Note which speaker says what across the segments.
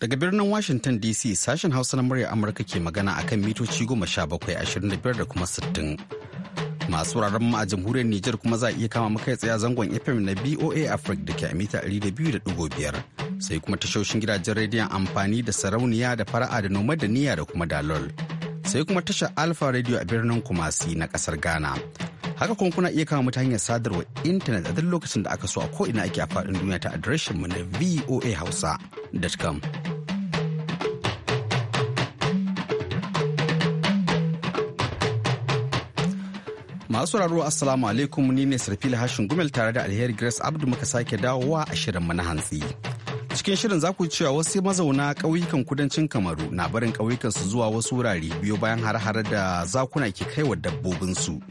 Speaker 1: Daga birnin Washington DC sashen Hausa na murya Amurka ke magana akan mitoci goma sha bakwai ashirin da biyar da kuma sittin. Masu wuraren mu a jamhuriyar Nijar kuma za a iya kama makai tsaya zangon FM na BOA Africa da ke a mita ɗari da biyu da ɗigo biyar. Sai kuma tashoshin gidajen rediyon amfani da sarauniya da fara'a da noma da niyya da kuma dalol. Sai kuma tashar Alpha Radio a birnin Kumasi na ƙasar Ghana. Haka kuma kuna iya kama mutane hanyar sadarwa intanet a duk lokacin da aka so a ko'ina ake a faɗin duniya ta mu na voahausa.com. Masu sauraro Assalamu alaikum ni ne sarfili Hashin Gumel tare da Alheri Grace Abdu muka sake dawowa a shirinmu na hantsi. Cikin shirin za ku cewa wasu mazauna ƙauyukan kudancin Kamaru na barin ƙauyukan su zuwa wasu wurare biyo bayan har-har da zakuna ke kaiwa dabbobinsu.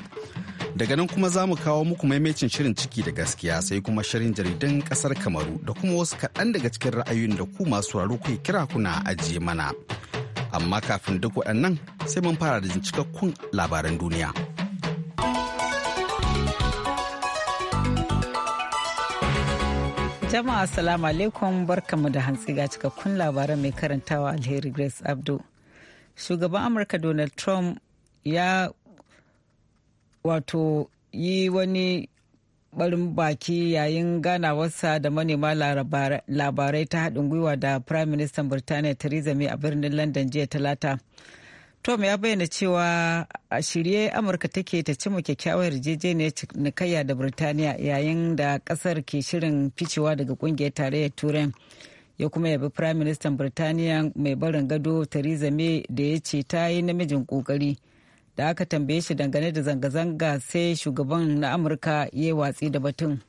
Speaker 1: Daga nan kuma za mu kawo muku maimacin shirin ciki da gaskiya sai kuma shirin jaridan kasar Kamaru da kuma wasu kaɗan daga cikin ra'ayoyin da ku masu raro kai kira kuna ajiye mana. Amma kafin duk waɗannan sai mun fara da cikakkun labaran duniya.
Speaker 2: Jama'a Assalamu alaikum barkamu da hantsi ga cikakkun labaran mai karantawa Alheri Grace Abdu. Shugaban Amurka Donald Trump ya wato yi wani barin baki yayin ganawarsa da manema labarai ta haɗin gwiwa da prime minister birtaniya theresa may a birnin london jiya talata tom ya bayyana cewa a shirye amurka take ta cimma kyakkyawar yarjejeniyar cinikayya da birtaniya yayin da kasar ke shirin ficewa daga ƙungiyar tarayyar turai ya kuma yabi prime minister birtaniya mai barin gado theresa may da ya ce ta yi namijin ƙoƙari da aka tambaye shi dangane da zanga-zanga sai shugaban na amurka ya watsi da batun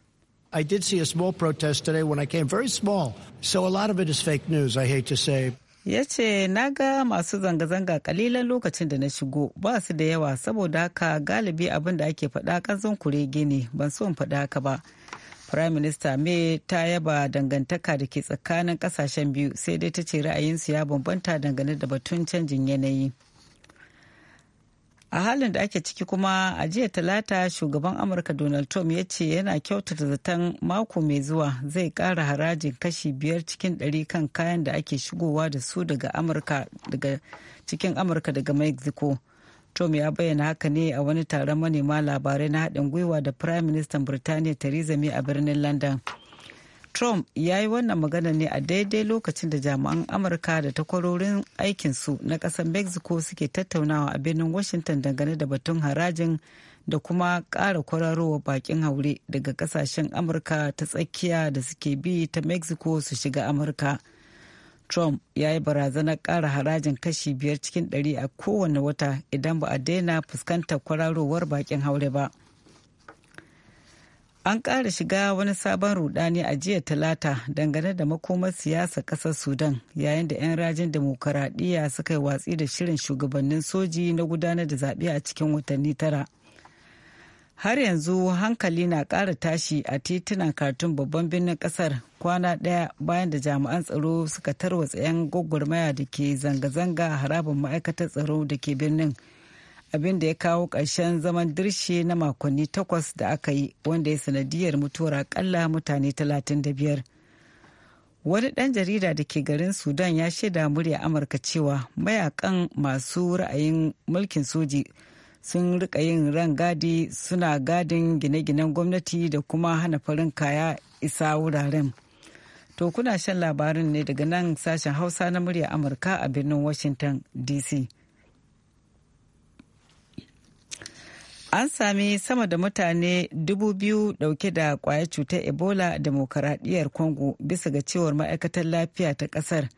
Speaker 2: I did see a small protest today when I came, very small. So a lot of it is fake news, I hate to say. ya ce na ga masu zanga-zanga kalilan lokacin da na shigo ba su da yawa saboda haka galibi abin da ake faɗa kanzon kure gini ban so in faɗa haka ba prime minister may ta yaba dangantaka da ke tsakanin kasashen biyu sai dai ta ce ra'ayinsu ya bambanta dangane da batun canjin yanayi a halin da ake ciki kuma a jiya talata shugaban amurka donald trump ya ce yana kyautata zaton mako mai zuwa zai kara harajin kashi biyar cikin ɗari kan kayan da ake shigowa da su daga amurka daga cikin amurka daga mexico trump ya bayyana haka ne a wani taron manema labarai na haɗin gwiwa da prime minister birtaniya theresa may a birnin london Trump ya yi wannan magana ne a daidai lokacin da jami'an Amurka da takwarorin aikinsu na ƙasar Mexico suke tattaunawa a birnin Washington dangane da batun harajin da kuma ƙara kwararowa bakin haure daga ƙasashen Amurka ta tsakiya da suke bi ta Mexico su shiga Amurka. Trump ya yi barazanar ƙara harajin kashi biyar cikin ɗari a kowane wata idan ba a daina fuskantar kwararowar bakin haure ba. an ƙara shiga wani sabon rudani a jiya talata dangane da makomar siyasa ƙasar sudan yayin da 'yan rajin demokuraɗiyya suka yi watsi da shirin shugabannin soji na gudanar da zaɓe a cikin watanni tara har yanzu hankali na ƙara tashi a titunan kartun babban birnin ƙasar kwana ɗaya bayan da jami'an tsaro suka tarwatsa 'yan gwagwarmaya da ke zanga-zanga a harabar ma'aikatar tsaro da ke birnin. abin da ya kawo ƙarshen zaman dirshe na makonni takwas da aka yi wanda ya sanadiyar mutuwar akalla mutane 35 wani ɗan jarida da ke garin sudan ya shaida murya amurka cewa mayakan masu ra'ayin mulkin soji sun rika yin ran gadi suna gadin gine-ginen gwamnati da kuma hana farin kaya isa wuraren to kuna shan labarin ne daga nan sashen hausa na murya amurka a birnin washington dc an sami sama da mutane dubu biyu dauke da kwaya cutar ebola a demokaradiyyar Kongo bisa ga cewar ma'aikatar lafiya ta kasar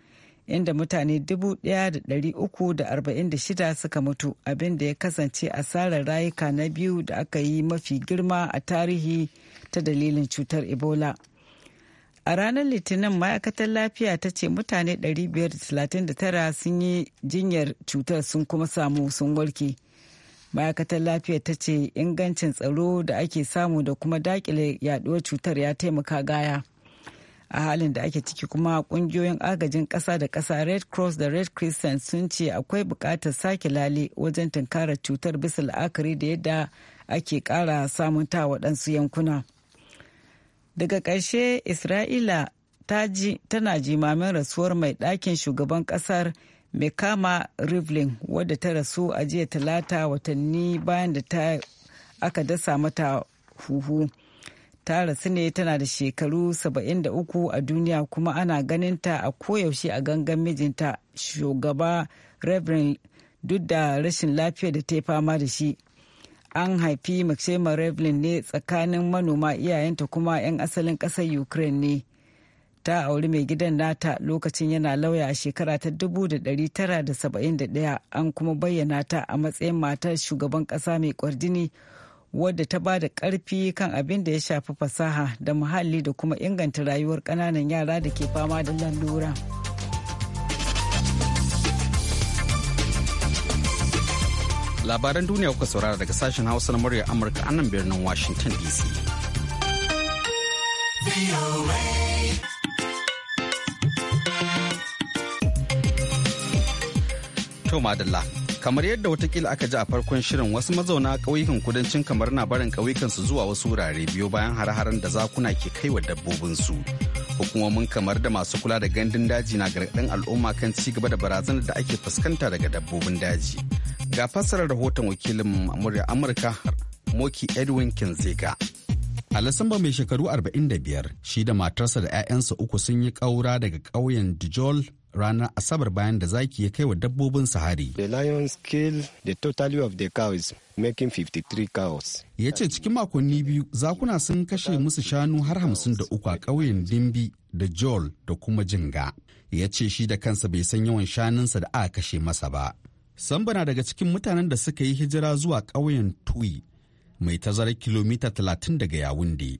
Speaker 2: inda mutane dubu da da da uku arba'in shida suka mutu abin da ya kasance asarar rayuka na biyu da aka yi mafi girma a tarihi ta dalilin cutar ebola a ranar litinin ma'aikatar lafiya ta ce mutane 539 sun yi jinyar cutar sun kuma samu sun warke. ma'aikatar lafiya ta ce ingancin tsaro da ake samu da kuma dakile yaduwar cutar ya taimaka gaya a halin da ake ciki kuma kungiyoyin agajin kasa da kasa red cross da red crescent sun ce akwai bukatar sake lale wajen tunkara cutar bisa la'akari da yadda ake kara samun ta waɗansu yankuna daga ƙarshe isra'ila tana jimamin rasuwar mai ɗakin shugaban ƙasar mekama rivlin wadda ta rasu a jiya talata watanni bayan da ta aka dasa mata huhu ta rasu ne tana da shekaru 73 a duniya kuma ana ganinta a koyaushe a gangan mijinta shugaba reverend duk da rashin lafiyar da ta fama da shi an haifi maxima rivlin ne tsakanin manoma iyayenta kuma 'yan asalin ƙasar ukraine ne ta auri mai gidan nata lokacin yana lauya a shekara ta 1971 an kuma bayyana ta a matsayin matar shugaban kasa mai kwardini wadda ta ba da karfi kan abin da ya shafi fasaha da muhalli da kuma inganta rayuwar kananan yara da ke fama da lalura.
Speaker 1: labaran duniya kuka saurara daga sashen hausa na murya amurka anan birnin washington dc To madalla. Kamar yadda watakila aka ji a farkon shirin wasu mazauna ƙauyukan kudancin kamar na barin su zuwa wasu wurare biyu bayan har-haren da zakuna ke kai wa dabbobin su Hukumomin kamar da masu kula da gandun daji na gargaɗin al'umma kan ci gaba da barazanar da ake fuskanta daga dabbobin daji. Ga fassarar rahoton wakilin Amurka Moki Edwin kinziga. Alasamba mai shekaru 45 shi da matarsa da 'ya'yansa uku sun yi ƙaura daga ƙauyen Dijol ranar asabar bayan da zaki ya kai wa dabbobin hari.
Speaker 3: The lions kill the totally of the cows, making 53 cows.
Speaker 1: Ya ce cikin makonni biyu zakuna sun kashe musu shanu har hamsin da uku a ƙauyen Dimbi da Jol da kuma Jinga. Ya ce shi da kansa bai san yawan shanunsa da aka kashe masa ba. Samba na daga cikin mutanen da suka yi hijira zuwa ƙauyen Tui mai tazarar kilomita talatin daga Yawunde.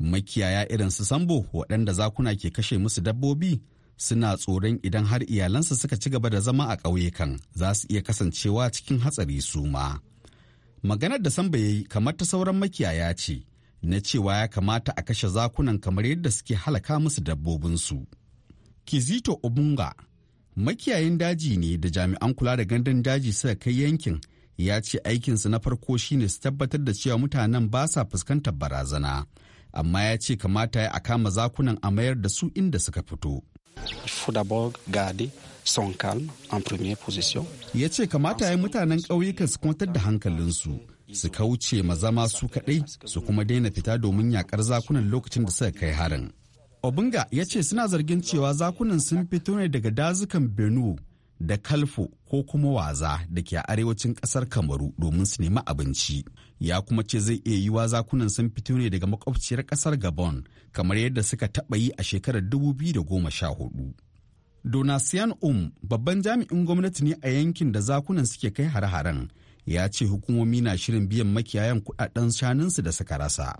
Speaker 1: Makiyaya irin su Sambo waɗanda zakuna ke kashe musu dabbobi suna tsoron idan har iyalansa suka ci gaba da zama a ƙauyukan za su iya kasancewa cikin hatsari su ma. Maganar da Samba ya yi kamar ta sauran makiyaya ce, na cewa ya kamata a kashe zakunan kamar yadda suke halaka musu dabbobinsu. Kizito Obunga, makiyayin daji ne da jami'an kula da gandun daji suka kai yankin ya ce aikinsu na farko shine su tabbatar da cewa mutanen ba sa fuskantar barazana, amma ya ce kamata ya a kama zakunan a mayar da su inda suka fito. Il faut d'abord garder son calme en première position. Ya ce kamata ya mutanen ƙauyukan su kwantar da hankalinsu su kauce mazama su kaɗai su kuma daina fita domin yaƙar zakunan lokacin da suka kai harin. Obinga ya ce suna zargin cewa zakunan sun fito ne daga dazukan Benue da Kalfo ko kuma waza da ke arewacin ƙasar Kamaru domin su nemi abinci. ya kuma ce zai iya yiwa zakunan sun fito ne daga makwabciyar kasar gabon kamar yadda suka taɓa yi a shekarar 2014 donasian um babban jami'in gwamnati ne a yankin da zakunan suke kai har haren ya ce hukumomi na shirin biyan makiyayan kudaden shanunsu da suka rasa.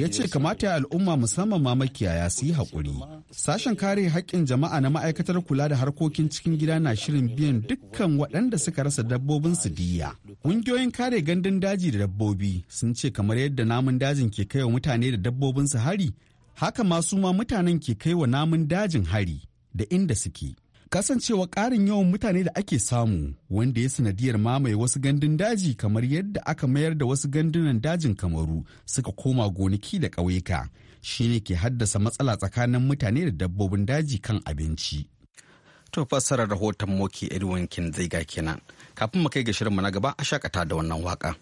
Speaker 1: Ya ce kamata ya al'umma musamman ma makiyaya su yi haƙuri. Sashen kare haƙƙin jama'a na ma'aikatar kula da harkokin cikin gida na shirin biyan dukkan waɗanda suka rasa dabbobin su diya. Ƙungiyoyin kare gandun daji da dabbobi sun ce kamar yadda namun dajin ke kai wa mutane da dabbobin su hari, haka ma su ma mutanen ke kai wa namun dajin hari da inda suke. kasancewa ƙarin yawan mutane da ake samu wanda ya sanadiyar mamaye wasu gandun daji kamar yadda aka mayar da wasu gandunan dajin kamaru suka koma gonaki da ƙauyuka shine ke haddasa matsala tsakanin mutane da dabbobin daji kan abinci. To fassara rahoton Moki Edwin ga kenan. Kafin mu kai ga shirinmu na gaba a shakata da wannan waka.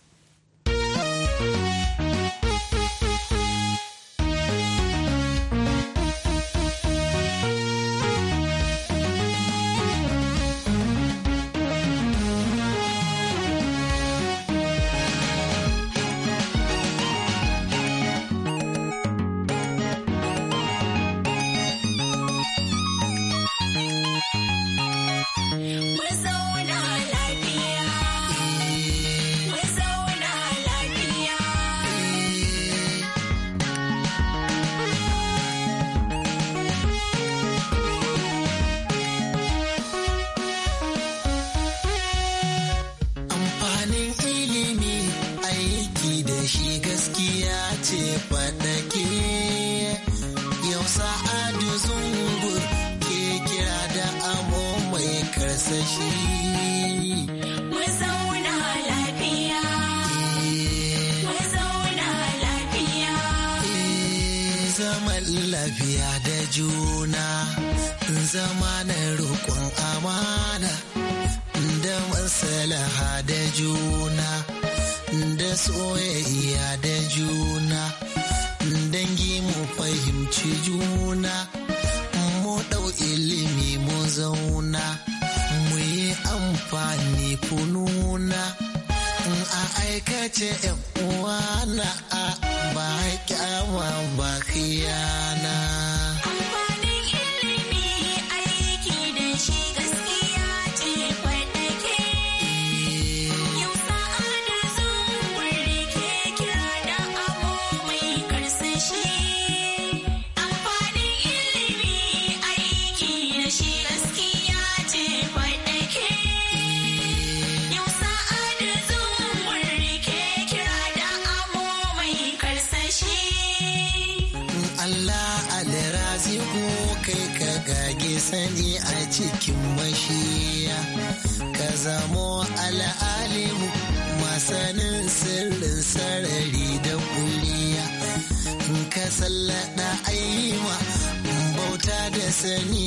Speaker 4: fahimci juna mu ɗau ilimi mu zauna mu yi amfani kununa in a aikace uwa na a ba kyawa ba khiyana. zamo al'alimu masanin sirrin sarari da kuliya in ka sallada ayyima bauta da sani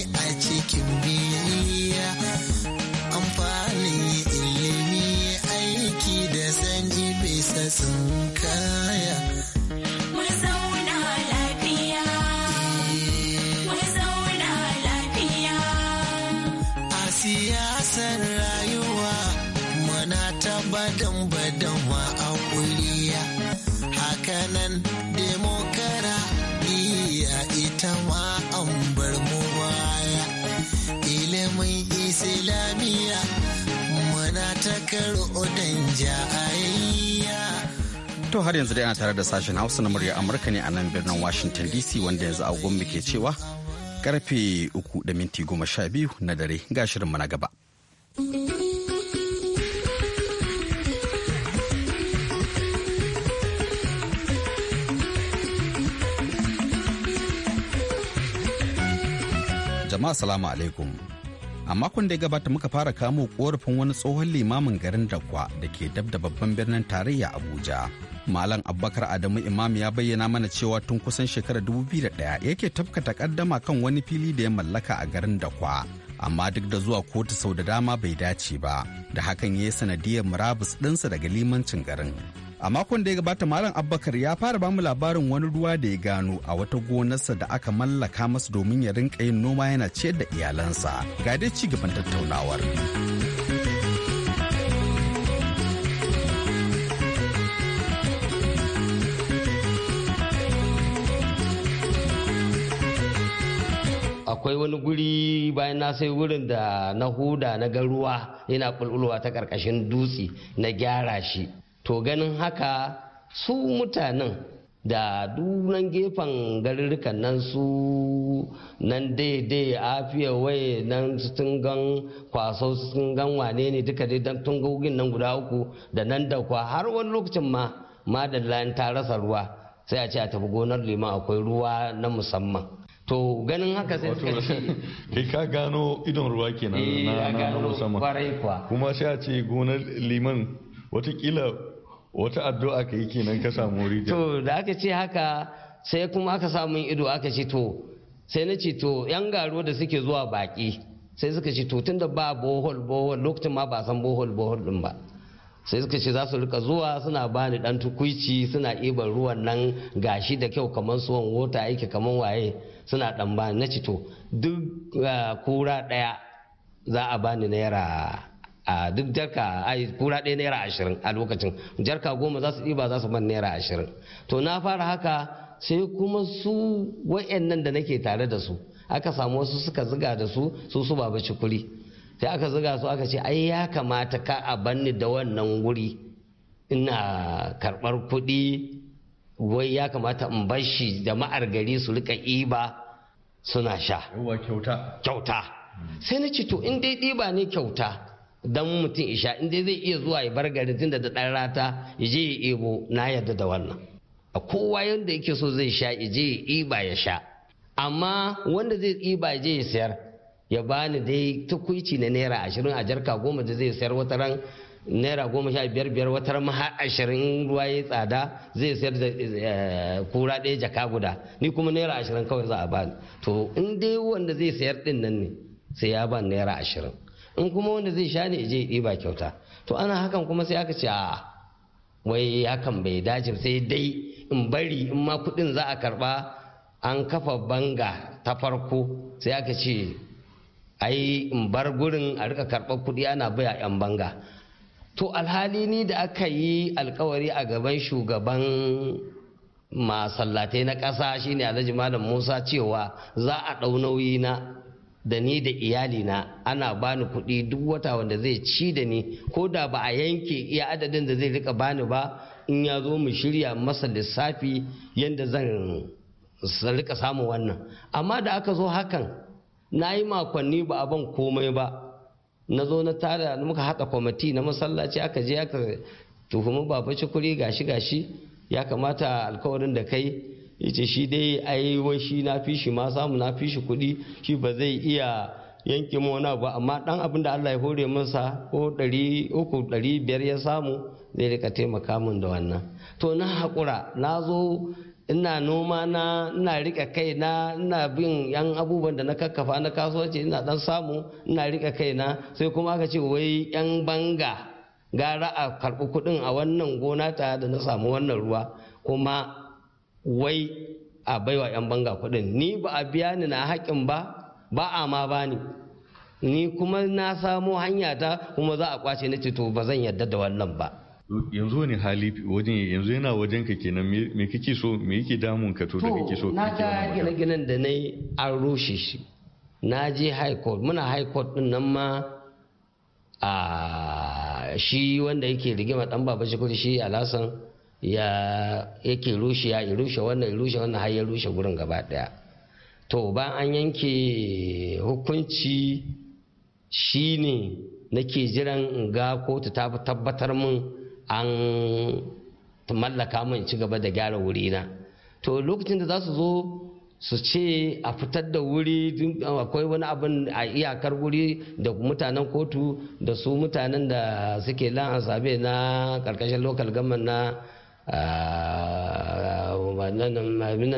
Speaker 1: To har yanzu dai ana tare da sashen Hausa na murya Amurka ne a nan birnin Washington DC wanda yanzu agon ke cewa karfe uku da minti goma sha biyu na dare ga shirinmu na gaba. Jama'a salamu alaikum. a makon da ya gabata muka fara kamo korafin wani tsohon limamin garin dakwa da ke dab da babban birnin tarayya abuja malam abubakar adamu imam ya bayyana mana cewa tun kusan shekarar 2001 yake tafka takaddama kan wani fili da ya mallaka a garin dakwa amma duk da zuwa kotu sau da dama bai dace ba da hakan ya yi sanadiyar murabus ɗinsa daga limancin garin a makon da ya gabata malam abbakar ya fara bamu labarin wani ruwa da ya gano a wata gonarsa da aka mallaka masa domin ya rinka yin noma yana ciyar da iyalansa ga dai ci gaban tattaunawar
Speaker 5: akwai wani guri bayan na sai wurin da na huda na ga ruwa yana bulbulwa ta ƙarƙashin dutse na gyara shi to ganin haka su mutanen da dunan gefen garurrukan nan su nan daidai afiya waye nan sun gan kwaso sun gan wane ne duka dai tun tungogin nan guda uku da nan da kwa har wani lokacin ma ma madalla ta rasa ruwa sai a ce a tafi gonar liman akwai ruwa na musamman to ganin haka sai suka ce kai ka gano idon ruwa kenan eh, na musamman
Speaker 6: kuma sai a ce gonar liman watakila wata addu'a ka yi kenan ka samu rijiya
Speaker 5: to da aka ce haka sai kuma aka samu ido aka ce to sai na ce to yan garo da suke zuwa baki sai suka ce to tunda ba bohol bohol lokacin ma ba san bohol bohol din ba sai suka ce za su rika zuwa suna bani dan tukuici suna ibar ruwan nan gashi da kyau kamar suwan wota yake kamar waye suna dan ba na ce to duk ah, kura daya za a bani naira a duk jarka kura ɗaya naira ashirin a lokacin jarka goma za su ɗiba za su man naira ashirin to na fara haka sai kuma su wa'annan da nake tare da su aka samu wasu suka ziga da su su su bace kuri sai aka ziga su aka ce ai ya kamata ka a banni da wannan wuri ina karɓar kuɗi wai ya kamata in bar shi jama'ar gari su rika iba suna sha kyauta sai na ce to in dai ɗiba ne kyauta dan mutum isha in zai iya zuwa ya bar garin tunda da dan rata ya je ya ibo na yadda da wannan a kowa yanda yake so zai sha ya je ya iba ya sha amma wanda zai iba ya je ya sayar ya bani dai tukuici na naira ashirin a jarka goma da zai sayar wata ran naira goma sha biyar biyar wata ran maha ashirin ruwa ya tsada zai sayar da eh, kura ɗaya jaka guda ni kuma naira ashirin kawai za a bani to in dai wanda zai sayar ɗin nan ne sai ya bani naira ashirin in kuma wanda zai sha ne je ɗiba kyauta to ana hakan kuma sai aka ce a wai hakan bai dace sai dai in bari in ma kuɗin za a karɓa an kafa banga ta farko sai aka ce ai in bar gurin a rika karɓar kuɗi ana baya 'yan banga to alhali ni da aka yi alkawari a gaban shugaban masallatai na ƙasa shine alhaji malam musa cewa za a ɗau nauyi na da ni da iyalina ana bani kuɗi duk wata wanda zai ci da ni ko da ba a yanke iya adadin da zai rika bani ba in ya zo mu shirya masa lissafi yadda zan rika samun wannan amma da aka zo hakan na yi makonni ba a ban komai ba na zo na tara muka haka kwamiti na masallaci aka je aka tuhumi baba cikuri gashi gashi ya kamata alkawarin da kai ya shi dai yi wai shi na fi shi ma samu na fi shi kuɗi shi ba zai iya yanke mona ba amma dan abin da Allah ya hore masa ko ɗari uku ɗari biyar ya samu zai rika taimaka min da wannan to na haƙura na zo ina noma na ina rika kai na ina bin yan abubuwan da na kakkafa na kasuwanci ina dan samu ina rika kai na sai kuma aka ce wai yan banga gara a karɓi kuɗin a wannan gona ta da na samu wannan ruwa kuma wai a baiwa 'yan banga kuɗin ni ba a biya ni na haƙin ba ba a ma bani ni kuma na samo hanya ta kuma za a kwace na to ba zan yarda da wannan ba
Speaker 6: yanzu wani hali wajen yanzu yana wajen ka kenan me kake so me yake damun ka to da kake so na ga gine-ginen da na yi an rushe shi
Speaker 5: na je high court muna high court din nan ma a shi wanda yake rigima dan baba shi shi alasan ya yake rushe ya rushe wannan rushe wannan har ya rushe gurin gaba daya to ba an yanke hukunci shine nake jiran in ga kotu ta tabbatar min an mallaka min ci gaba da gyara wuri na to lokacin da za su zo su ce a fitar da wuri akwai wani abin a iyakar wuri da mutanen kotu da su mutanen da suke lan asabe na karkashin lokal gama na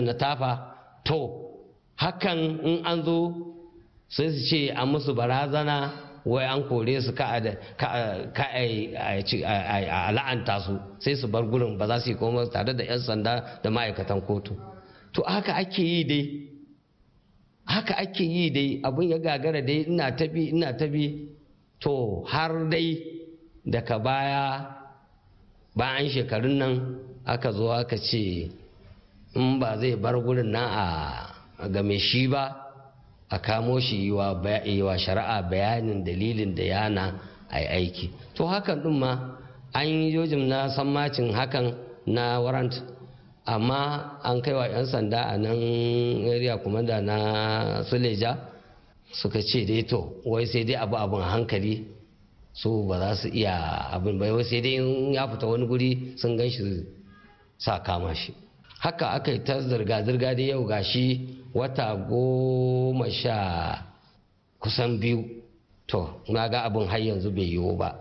Speaker 5: na tafa to hakan in an zo sai su ce a musu barazana wai an kore su ka a la'anta su sai su bar gurin ba za su yi koma tare da 'yan sanda da ma'aikatan kotu to haka ake yi dai haka ake yi dai abin ya gagara dai ina tabi ina tabi to har dai daga baya bayan shekarun nan aka zo aka ce in ba zai bar gurin na a game shi ba a kamo shi yi wa shari'a bayanin dalilin da yana a yi aiki to hakan ɗin ma an yi jojin na sammacin hakan na warrant amma an kai wa 'yan sanda a nan area da na suleja suka ce dai to wai sai dai abu abin hankali so ba za su iya abin bai sai dai in ya fita wani guri sun gan shi sa kama shi haka aka yi ta zirga-zirga da yau gashi wata goma sha kusan biyu to na ga abin har yanzu bai yiwu ba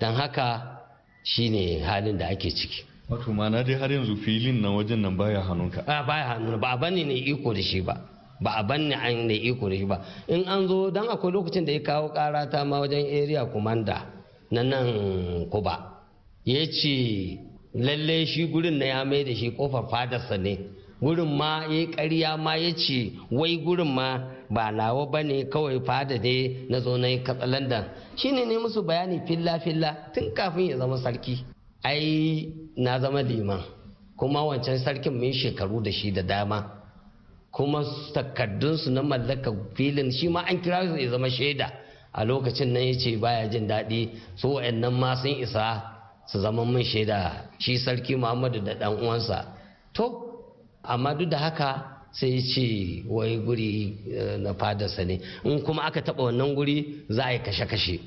Speaker 5: don haka shine halin da ake ciki
Speaker 6: wato ma na dai har yanzu filin na wajen nan baya hannunka ba ya hannuna ba
Speaker 5: a bani ne iko da shi ba ba a banne an da iko da shi ba in an zo dan akwai lokacin da ya kawo kara ta ma wajen area commander na nan kuba ya ce lalle shi gurin na ya mai da shi kofar fadarsa ne gurin ma ya karya ma ya ce wai gurin ma ba nawa ba ne kawai fada ne na zo na katsalandan shi ne ne musu bayani filla-filla tun kafin ya zama sarki ai na zama liman kuma wancan sarkin mun shekaru da shi da dama kuma takaddunsu na mallaka filin shi ma an kira su ya zama shaida a lokacin nan ya ce baya jin daɗi su wa'annan ma sun isa su zama mun shaida shi sarki muhammadu da ɗan uwansa to amma duk da haka sai ya ce wai guri eh, na fadarsa ne in kuma aka taɓa wannan guri za a yi kashe-kashe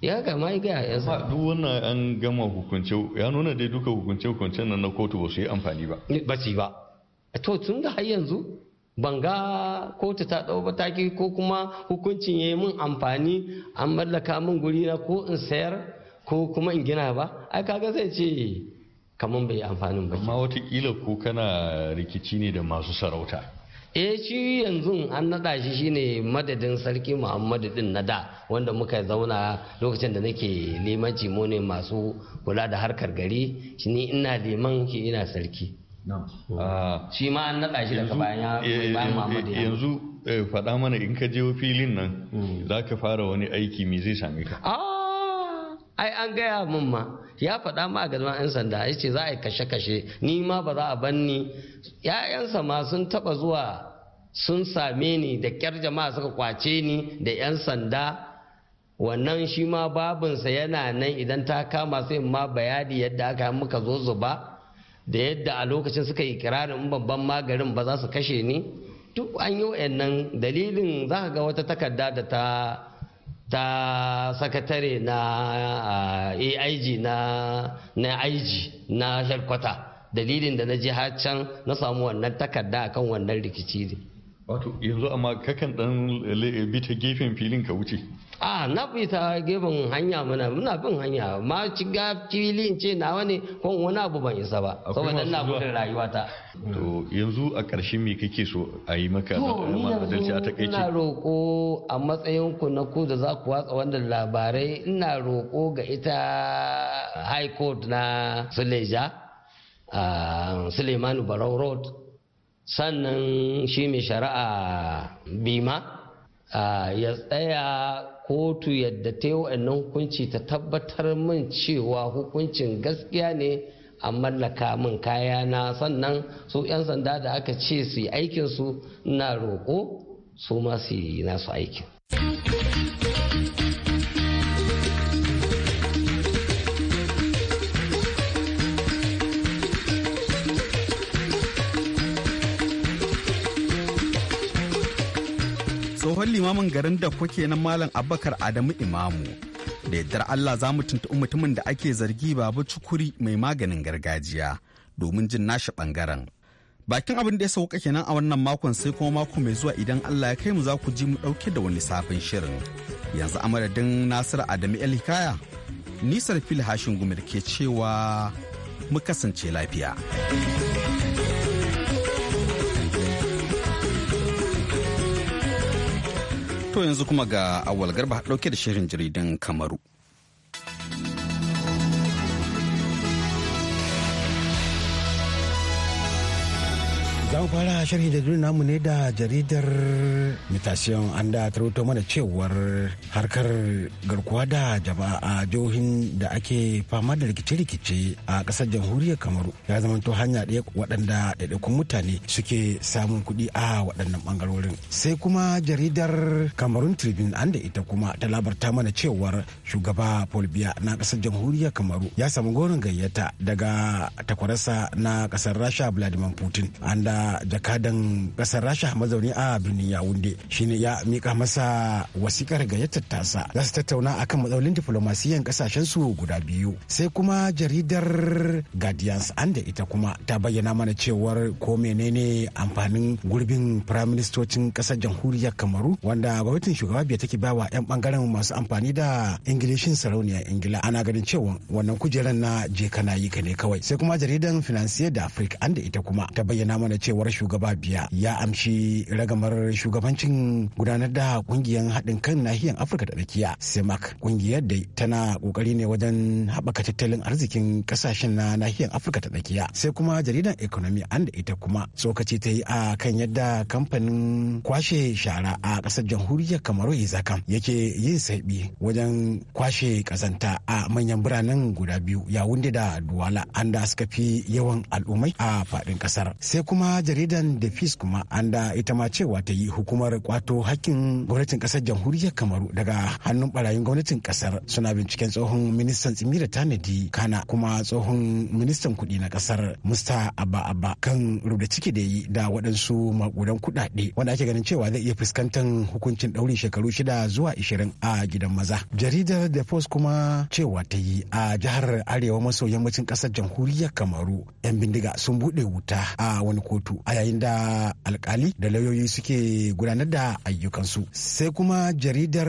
Speaker 6: ya gama ya gaya yansa duk wannan an gama hukunce ya nuna dai duka hukunce hukuncen nan na kotu ba su yi amfani ba ba ba to tun da har
Speaker 5: yanzu ban ga kotu ta ɗau mataki ko kuma hukuncin ya yi min amfani an mallaka min guri na ko in sayar ko kuma in gina ba ai kaga zai ce kamar bai amfanin
Speaker 6: ba amma watakila ko kana rikici ne da masu
Speaker 5: sarauta eh shi yanzu an naɗa shi shine madadin sarki muhammadu din na da wanda muka zauna lokacin da nake limanci mu ne masu kula da harkar
Speaker 6: gari shi ni ina liman shi ina sarki Ah, ah. shi ma an naɗa shi daga bayan eh, bayan eh, Muhammadu eh, yanzu faɗa mana in ka je filin nan hmm. za ka fara wani aiki me zai same ka ah, ai an gaya min ma ya faɗa ma
Speaker 5: a gaban 'yan sanda ya ce za a yi kashe-kashe ni ma ba za a banni 'ya'yansa ma sun taɓa zuwa sun same ni da kyar jama'a suka kwace ni da 'yan sanda wannan shi ma babinsa yana nan idan ta kama sai ma bayani yadda aka yi muka zo zuba da yadda a lokacin suka yi kirarin babban magarin ba za su kashe ni duk an yi wa'annan dalilin za ga wata takarda da ta ta sakatare na eh, aig na na aig na sharkwata dalilin da na je can na samu wannan takarda akan
Speaker 6: wannan rikici ne wato yanzu amma kakan dan eh, bi ta gefen filin ka wuce
Speaker 5: a ah, na fita gefen hanya muna muna bin hanya ma shiga filin ce nawa ne ko wani abu ban isa ba saboda ina gudun
Speaker 6: rayuwata to yanzu a ƙarshen me kake so a yi maka adalci a takaice ina
Speaker 5: roko a matsayin ku na ku da za ku watsa wannan labarai ina roko ga ita high court na Suleja a Suleimanu Barau Road sannan shi mai shari'a Bima ya tsaya kotu yadda ta yi wa'annan hukunci ta tabbatar min cewa hukuncin gaskiya ne a mallaka min kayana sannan su 'yan sanda da aka ce su yi aikinsu na roƙo su ma yi nasu aikin.
Speaker 1: babban limamin garin da kuke nan malam abubakar adamu imamu da yardar allah za mu tuntuɓi mutumin da ake zargi babu cukuri mai maganin gargajiya domin jin nashi ɓangaren bakin abin da ya sauka kenan a wannan makon sai kuma mako mai zuwa idan allah ya kai mu za ku ji mu ɗauke da wani sabon shirin yanzu a madadin nasiru adamu el hikaya nisar fil hashin gumir ke cewa mu kasance lafiya. To yanzu kuma ga awal garba dauke da shirin jaridan Kamaru.
Speaker 3: Za mu fara sharhi da duniya namu ne da jaridar Mutation an da tarwato mana cewar harkar garkuwa da jama'a a jihohin da ake fama da rikice-rikice a kasar jamhuriyar Kamaru ya zama zamanto hanya ɗaya waɗanda ɗaiɗaikun mutane suke samun kuɗi a waɗannan ɓangarorin. Sai kuma jaridar Kamarun Tribune an da ita kuma ta labarta mana cewar shugaba Paul Biya na kasar jamhuriyar Kamaru ya samu gorin gayyata daga takwarasa na kasar Rasha Vladimir Putin. An da jakadan kasar rasha mazauni a birnin yawunde shine ya mika masa wasikar gayyatar tasa za su tattauna akan matsalolin diflomasiyan kasashen su guda biyu sai kuma jaridar guardians anda ita kuma ta bayyana mana cewar ko menene amfanin gurbin firaministocin kasar jamhuriyar kamaru wanda gwamnatin shugaba biya take bawa 'yan bangaren masu amfani da ingilishin sarauniya ingila ana ganin cewa wannan kujeran na je kana yi ka ne kawai sai kuma jaridan financier da africa an ita kuma ta bayyana mana cewa cewar shugaba biya ya amshi ragamar shugabancin gudanar da kungiyar haɗin kan nahiyar afirka da tsakiya semak kungiyar da tana kokari ne wajen haɓaka tattalin arzikin ƙasashen na nahiyar afirka ta tsakiya sai kuma jaridar economy an da ita kuma tsokaci ta yi a kan yadda kamfanin kwashe shara a ƙasar jamhuriyar kamaru izakam yake yin saiɓi wajen kwashe ƙazanta a manyan biranen guda biyu yawun da duwala an da suka fi yawan al'ummai a faɗin ƙasar sai kuma jaridan da fis kuma an da ita ma cewa ta yi hukumar kwato hakkin gwamnatin kasar jamhuriyar kamaru daga hannun barayin gwamnatin kasar suna binciken tsohon ministan tsimi da tanadi kana kuma tsohon ministan kuɗi na kasar musta abba abba kan rubda ciki da yi da waɗansu makudan kuɗaɗe wanda ake ganin cewa zai iya fuskantar hukuncin ɗaurin shekaru shida zuwa ishirin a gidan maza jaridar da kuma cewa ta yi a jihar arewa maso yammacin kasar jamhuriyar kamaru yan bindiga sun buɗe wuta a wani kotu a yayin da alkali da lauyoyi suke gudanar da ayyukansu sai kuma jaridar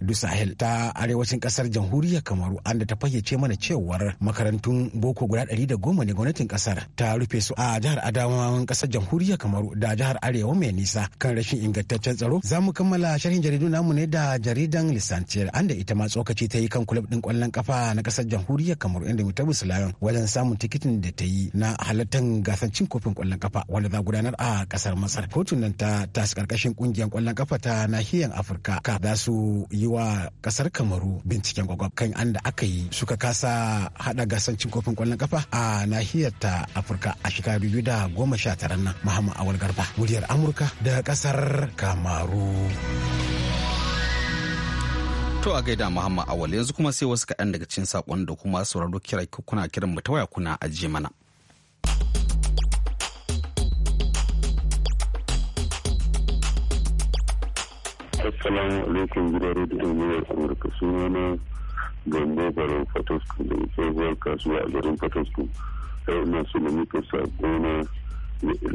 Speaker 3: du sahel ta arewacin kasar jamhuriyar kamaru an da ta fayyace mana cewar makarantun boko guda ɗari da goma ne gwamnatin kasar ta rufe su a jihar adamawan kasar jamhuriyar kamaru da jihar arewa mai nisa kan rashin ingantaccen tsaro za mu kammala sharhin jaridu namu ne da jaridan lisanciyar an da ita ma tsokaci ta yi kan kulab din kwallon kafa na kasar jamhuriyar kamaru inda mutabu sulayon wajen samun tikitin da ta yi na halartar gasancin kofin kwallon kafa wanda za gudanar a kasar masar kotun nan ta tasi karkashin kungiyar kwallon kafa ta nahiyar afirka ka za su yi wa kasar kamaru binciken gwagwab kan an da aka yi suka kasa hada gasar cin kofin kwallon kafa a nahiyar ta afirka a shekaru biyu da goma sha tara nan muhammad awal garba muryar amurka da kasar kamaru
Speaker 1: To a gaida Muhammad Awal yanzu kuma sai wasu kaɗan daga cikin saƙon da kuma sauraro kira kuna kiran mu ta waya kuna ajiye mana.
Speaker 4: Assalamu alaikum gidan rediyon muryar Amurka suna na gombe Baron fatosku da tsohuwar kasuwa a garin Fatoskun. Yau ina so na muka sako na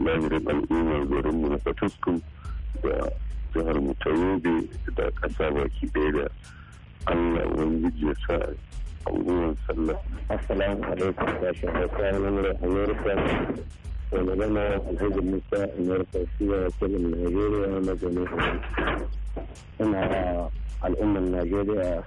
Speaker 4: lahirin al'ummar garinmu na fatosku da jihar mu ta Yobe da ƙasa baki ɗaya da Allah wani ya sa abubuwan sallah. Assalamu alaikum sashen hausa na muryar Amurka. Wani gana Alhaji Musa Amurka shi ya wakilin Najeriya na Jami'a. ina al'ummar najeriya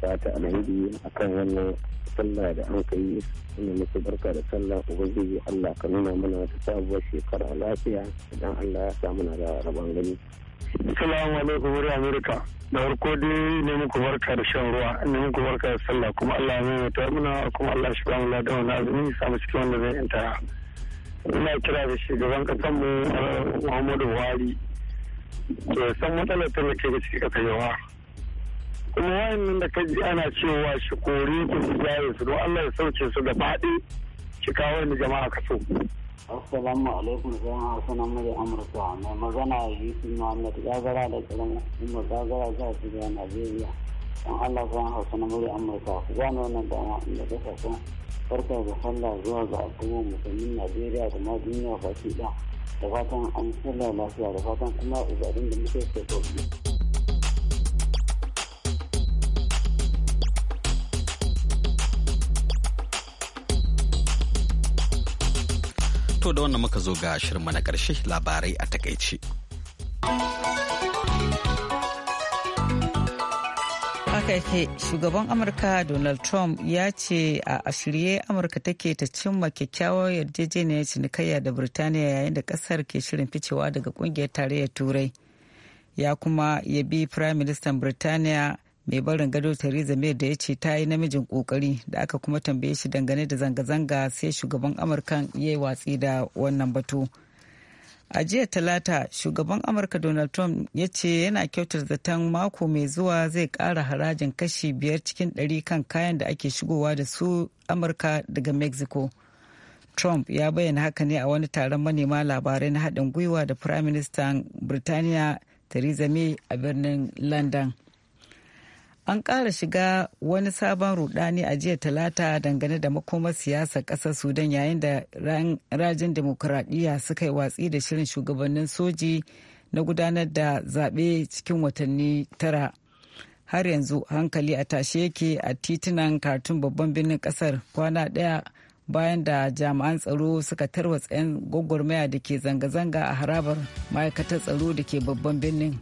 Speaker 4: fata alheri akan wannan sallah da an kai
Speaker 5: ina musu barka da sallah ubangiji allah ka nuna mana wata sabuwar shekara lafiya idan allah ya samu na da rabon gani
Speaker 4: Salamu alaikum wuri Amerika. Da farko dai ne muku barka da shan ruwa, ne muku barka da sallah kuma Allah ne ta muna kuma Allah shi ba ladan wani azumi samu cikin wanda zai yanta. Ina kira da shugaban kasan mu Muhammadu Buhari to san matsalar ta ke da ciki ka yawa kuma nan da ka ji ana cewa shi kori ku su jaye su don Allah ya sauke su da faɗi shi kawo ni jama'a ka so.
Speaker 2: Assalamu alaikum zan hausa na murya Amurka mai magana Yusuf Muhammad Gagara da Tsirin Umar Gagara za su ga Najeriya. Don Allah zan hausa na Amurka ku gane wannan dama inda ta sun farka da sallah zuwa ga al'ummar musulmin Najeriya da ma duniya baki ɗaya. da fatan an kula lafiya da fatan kuma abin da muke so to
Speaker 1: To da wannan muka zo ga shirma na ƙarshe labarai a takaice.
Speaker 2: takaice shugaban amurka donald trump ya ce a ashirye amurka take ta cimma kyakkyawar yarjejeniyar cinikayya da birtaniya yayin da kasar ke shirin ficewa daga kungiyar tarayyar turai ya kuma yabi prime minister birtaniya mai barin gado theresa may da ya ce ta yi namijin kokari da aka kuma tambaye shi dangane da zanga-zanga sai shugaban amurkan ya yi watsi da wannan batu. a jiya talata shugaban amurka donald trump ya ce yana kyautar zaton mako mai zuwa zai kara harajin kashi biyar cikin ɗari kan kayan da ake shigowa da su amurka daga mexico trump ya bayyana haka ne a wani taron manema labarai na haɗin gwiwa da prime minister birtaniya theresa may a birnin london an ƙara shiga wani sabon rudani a jiya talata dangane da makomar siyasar ƙasar sudan yayin da rajin demokuraɗiyya suka yi watsi da shirin shugabannin soji na gudanar da zaɓe cikin watanni tara har yanzu hankali a tashe yake a titunan kartun babban birnin ƙasar kwana ɗaya bayan da jami'an tsaro suka tarwatsa 'yan gwagwarmaya da ke zanga-zanga a harabar ma'aikatar tsaro da ke babban birnin.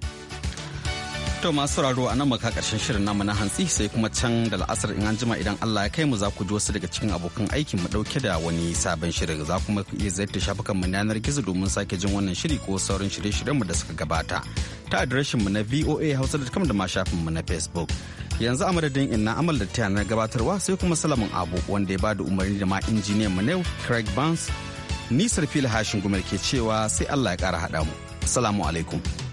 Speaker 1: To masu sauraro a nan maka karshen shirin namu na hantsi sai kuma can da la'asar in an jima idan Allah ya kai mu za ku ji wasu daga cikin abokan aikin mu dauke da wani sabon shirin za kuma ku iya ziyarta shafukan mu na yanar gizo domin sake jin wannan shiri ko sauran shirye-shiryen mu da suka gabata ta adireshin mu na hausa da ma shafin mu na Facebook. Yanzu a madadin inna amal da ta gabatarwa sai kuma salamin Abu wanda ya bada umarni da ma injiniyan mu ne Craig Barnes. Nisar fili hashin gumar ke cewa sai Allah ya kara haɗa mu. Salamu alaikum.